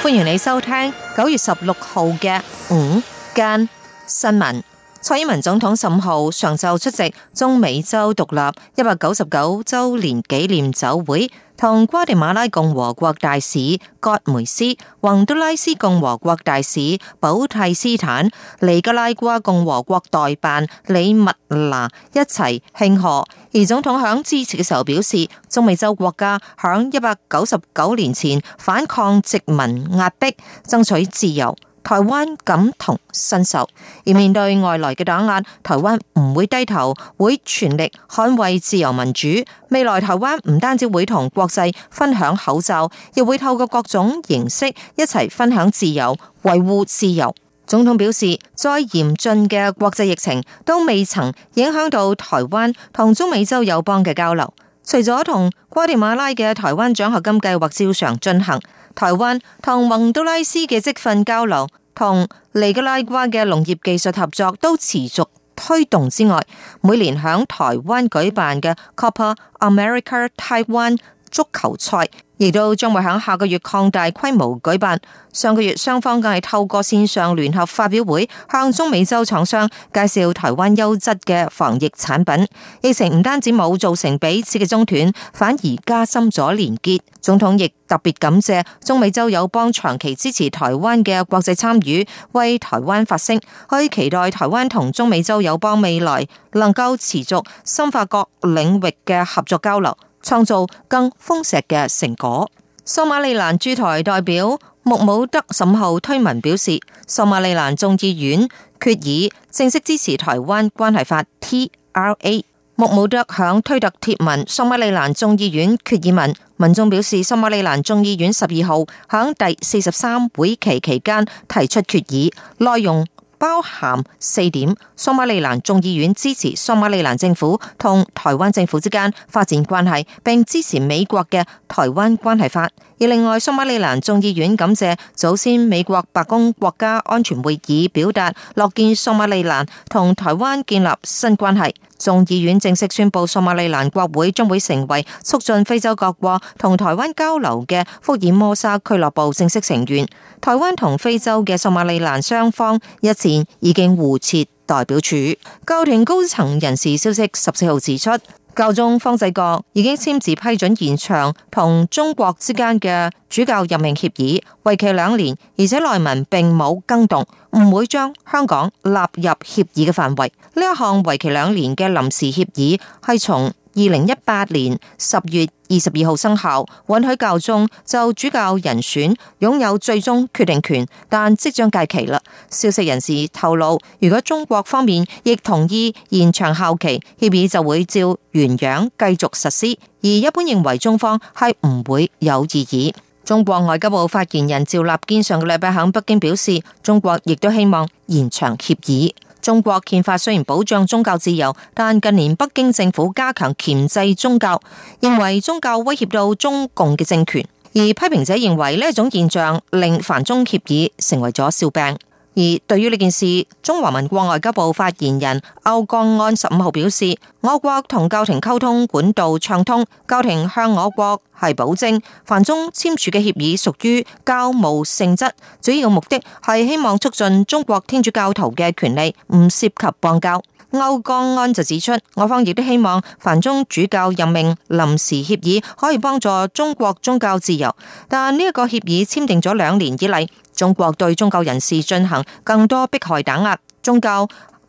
歡迎你收聽九月十六號嘅午間新聞。蔡英文總統十五號上晝出席中美洲獨立一百九十九周年紀念酒會。同瓜地馬拉共和國大使戈梅斯、洪都拉斯共和國大使保泰斯坦、尼加拉瓜共和國代辦李密拿一齊慶賀，而總統響致辭嘅時候表示，中美洲國家響一百九十九年前反抗殖民壓迫，爭取自由。台灣感同身受，而面對外來嘅打壓，台灣唔會低頭，會全力捍衛自由民主。未來台灣唔單止會同國際分享口罩，亦會透過各種形式一齊分享自由，維護自由。總統表示，再嚴峻嘅國際疫情都未曾影響到台灣同中美洲友邦嘅交流，除咗同瓜地馬拉嘅台灣獎學金計劃照常進行。台灣同宏都拉斯嘅積分交流，同尼加拉瓜嘅農業技術合作都持續推動之外，每年喺台灣舉辦嘅 Copper America Taiwan 足球賽，亦都將會喺下個月擴大規模舉辦。上個月雙方更係透過綫上聯合發表會，向中美洲廠商介紹台灣優質嘅防疫產品。疫情唔單止冇造成彼此嘅中斷，反而加深咗連結。總統亦特別感謝中美洲友邦長期支持台灣嘅國際參與，為台灣發聲。可以期待台灣同中美洲友邦未來能夠持續深化各領域嘅合作交流。創造更豐碩嘅成果。索馬利蘭駐台代表穆姆德沈浩推文表示，索馬利蘭眾議院決議正式支持台灣關係法 （TRA）。穆姆德響推特貼文：索馬利蘭眾議院決議文，民眾表示，索馬利蘭眾議院十二號響第四十三會期期間提出決議，內容。包含四點，索馬利蘭眾議院支持索馬利蘭政府同台灣政府之間發展關係，並支持美國嘅《台灣關係法》。而另外，索馬利蘭眾議院感謝早先美國白宮國家安全會議表達樂見索馬利蘭同台灣建立新關係。眾議院正式宣布，索馬利蘭國會將會成為促進非洲各國同台灣交流嘅福爾摩沙俱樂部正式成員。台灣同非洲嘅索馬利蘭雙方日前已經互設代表處。教廷高層人士消息十四號指出。教宗方濟各已經簽字批准延長同中國之間嘅主教任命協議，為期兩年，而且內文並冇更動，唔會將香港納入協議嘅範圍。呢一項為期兩年嘅臨時協議係從，二零一八年十月二十二號生效，允許教宗就主教人選擁有最終決定權，但即將屆期啦。消息人士透露，如果中國方面亦同意延長效期，協議就會照原樣繼續實施。而一般認為中方係唔會有異議。中國外交部發言人趙立堅上個禮拜喺北京表示，中國亦都希望延長協議。中國憲法雖然保障宗教自由，但近年北京政府加強鉗制宗教，認為宗教威脅到中共嘅政權。而批評者認為呢一種現象令梵中協議成為咗笑柄。而對於呢件事，中華民國外交部發言人歐江安十五號表示，我國同教廷溝通管道暢通，教廷向我國係保證，梵中簽署嘅協議屬於教務性質，主要目的係希望促進中國天主教徒嘅權利，唔涉及邦交。歐江安就指出，我方亦都希望梵中主教任命臨時協議可以幫助中國宗教自由，但呢一個協議簽訂咗兩年以嚟。中國對宗教人士進行更多迫害打壓，宗教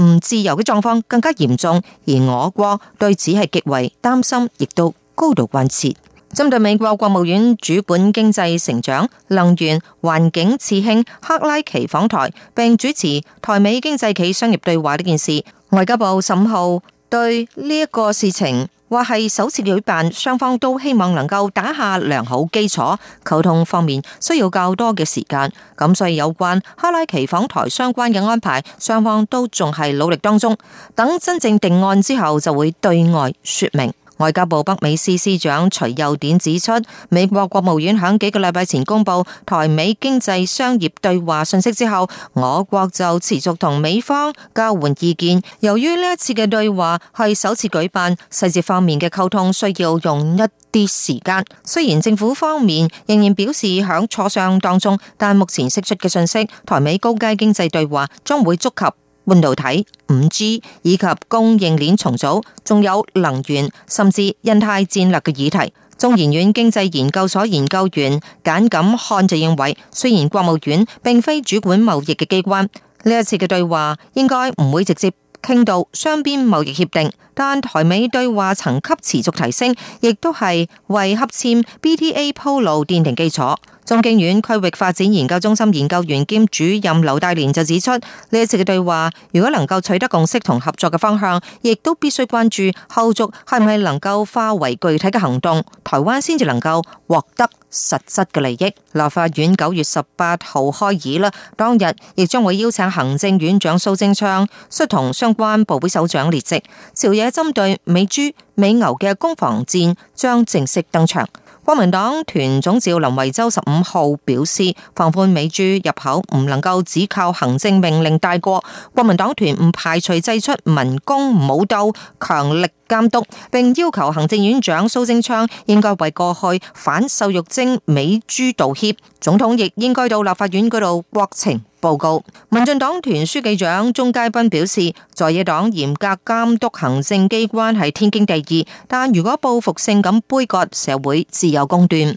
唔自由嘅狀況更加嚴重，而我國對此係極為擔心，亦都高度關切。針對美國國務院主管經濟成長、能源、環境次卿克拉奇訪台並主持台美經濟企商業對話呢件事，外交部十五號對呢一個事情。話係首次舉辦，雙方都希望能夠打下良好基礎。溝通方面需要較多嘅時間，咁所以有關哈拉奇訪台相關嘅安排，雙方都仲係努力當中。等真正定案之後，就會對外說明。外交部北美司司長徐又典指出，美國國務院響幾個禮拜前公布台美經濟商業對話信息之後，我國就持續同美方交換意見。由於呢一次嘅對話係首次舉辦，細節方面嘅溝通需要用一啲時間。雖然政府方面仍然表示響磋商當中，但目前釋出嘅信息，台美高階經濟對話將會觸及。半導體、五 G 以及供應鏈重組，仲有能源甚至印太戰略嘅議題。中研院經濟研究所研究員簡錦漢就認為，雖然國務院並非主管貿易嘅機關，呢一次嘅對話應該唔會直接傾到雙邊貿易協定，但台美對話層級持續提升，亦都係為洽簽 BTA 鋪路奠定基礎。中經院區域發展研究中心研究員兼主任劉大年就指出，呢一次嘅對話如果能夠取得共識同合作嘅方向，亦都必須關注後續係唔係能夠化為具體嘅行動，台灣先至能夠獲得實質嘅利益。立法院九月十八號開議啦，當日亦將會邀請行政院長蘇貞昌，率同相關部會首長列席。朝野針對美豬美牛嘅攻防戰將正式登場。國民黨團總召林為洲十五號表示，放寬美豬入口唔能夠只靠行政命令帶過，國民黨團唔排除祭出民工武鬥、強力監督，並要求行政院長蘇貞昌應該為過去反瘦肉精美豬道歉，總統亦應該到立法院嗰度國情。報告，民進黨團書記長鍾佳濱表示，在野黨嚴格監督行政機關係天經地義，但如果報復性咁杯葛社會自由，自有公斷。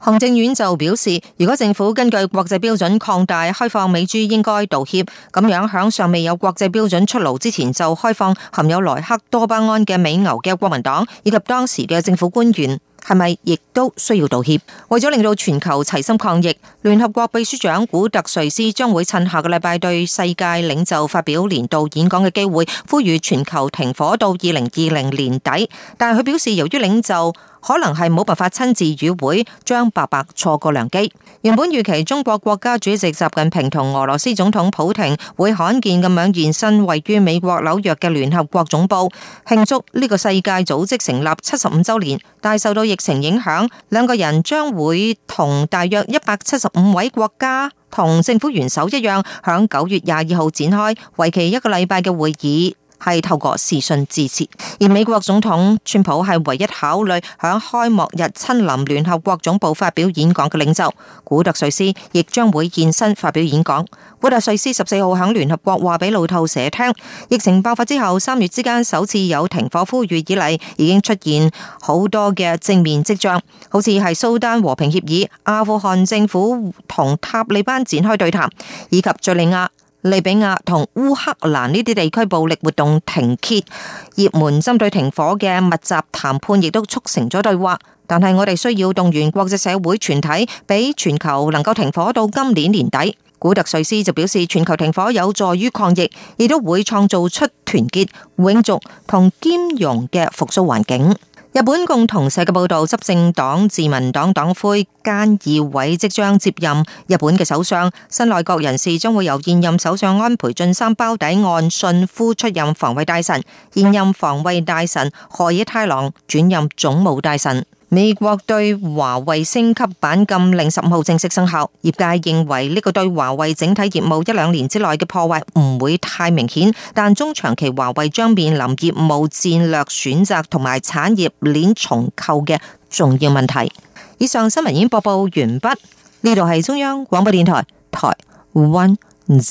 行政院就表示，如果政府根據國際標準擴大開放美豬，應該道歉。咁樣響尚未有國際標準出爐之前就開放含有萊克多巴胺嘅美牛嘅國民黨以及當時嘅政府官員，係咪亦都需要道歉？為咗令到全球齊心抗疫，聯合國秘書長古特瑞斯將會趁下個禮拜對世界領袖發表年度演講嘅機會，呼籲全球停火到二零二零年底。但係佢表示，由於領袖。可能係冇辦法親自與會，將白白錯過良機。原本預期中國國家主席習近平同俄羅斯總統普廷會罕見咁樣現身位於美國紐約嘅聯合國總部，慶祝呢個世界組織成立七十五周年，但受到疫情影響，兩個人將會同大約一百七十五位國家同政府元首一樣，響九月廿二號展開為期一個禮拜嘅會議，係透過視訊致詞，而美國總統川普係唯一考慮響開幕日親臨聯合國總部發表演講嘅領袖。古特瑞斯亦將會現身發表演講。古特瑞斯十四號響聯合國話俾路透社聽，疫情爆發之後三月之間首次有停火呼籲以嚟，已經出現好多嘅正面跡象，好似係蘇丹和平協議、阿富汗政府同塔利班展開對談，以及敘利亞。利比亞同烏克蘭呢啲地區暴力活動停歇，葉門針對停火嘅密集談判亦都促成咗對話。但係我哋需要動員國際社會全體，俾全球能夠停火到今年年底。古特瑞斯就表示，全球停火有助於抗疫，亦都會創造出團結、永續同兼容嘅復蘇環境。日本共同社嘅報道，執政黨自民黨黨魁菅義偉即將接任日本嘅首相，新內閣人士將會由現任首相安倍晉三包底，岸信夫出任防衛大臣，現任防衛大臣河野太郎轉任總務大臣。美國對華為升級版禁令十五號正式生效，業界認為呢個對華為整體業務一兩年之內嘅破壞唔會太明顯，但中長期華為將面臨業務戰略選擇同埋產業鏈重構嘅重要問題。以上新聞已經播報完畢，呢度係中央廣播電台台灣。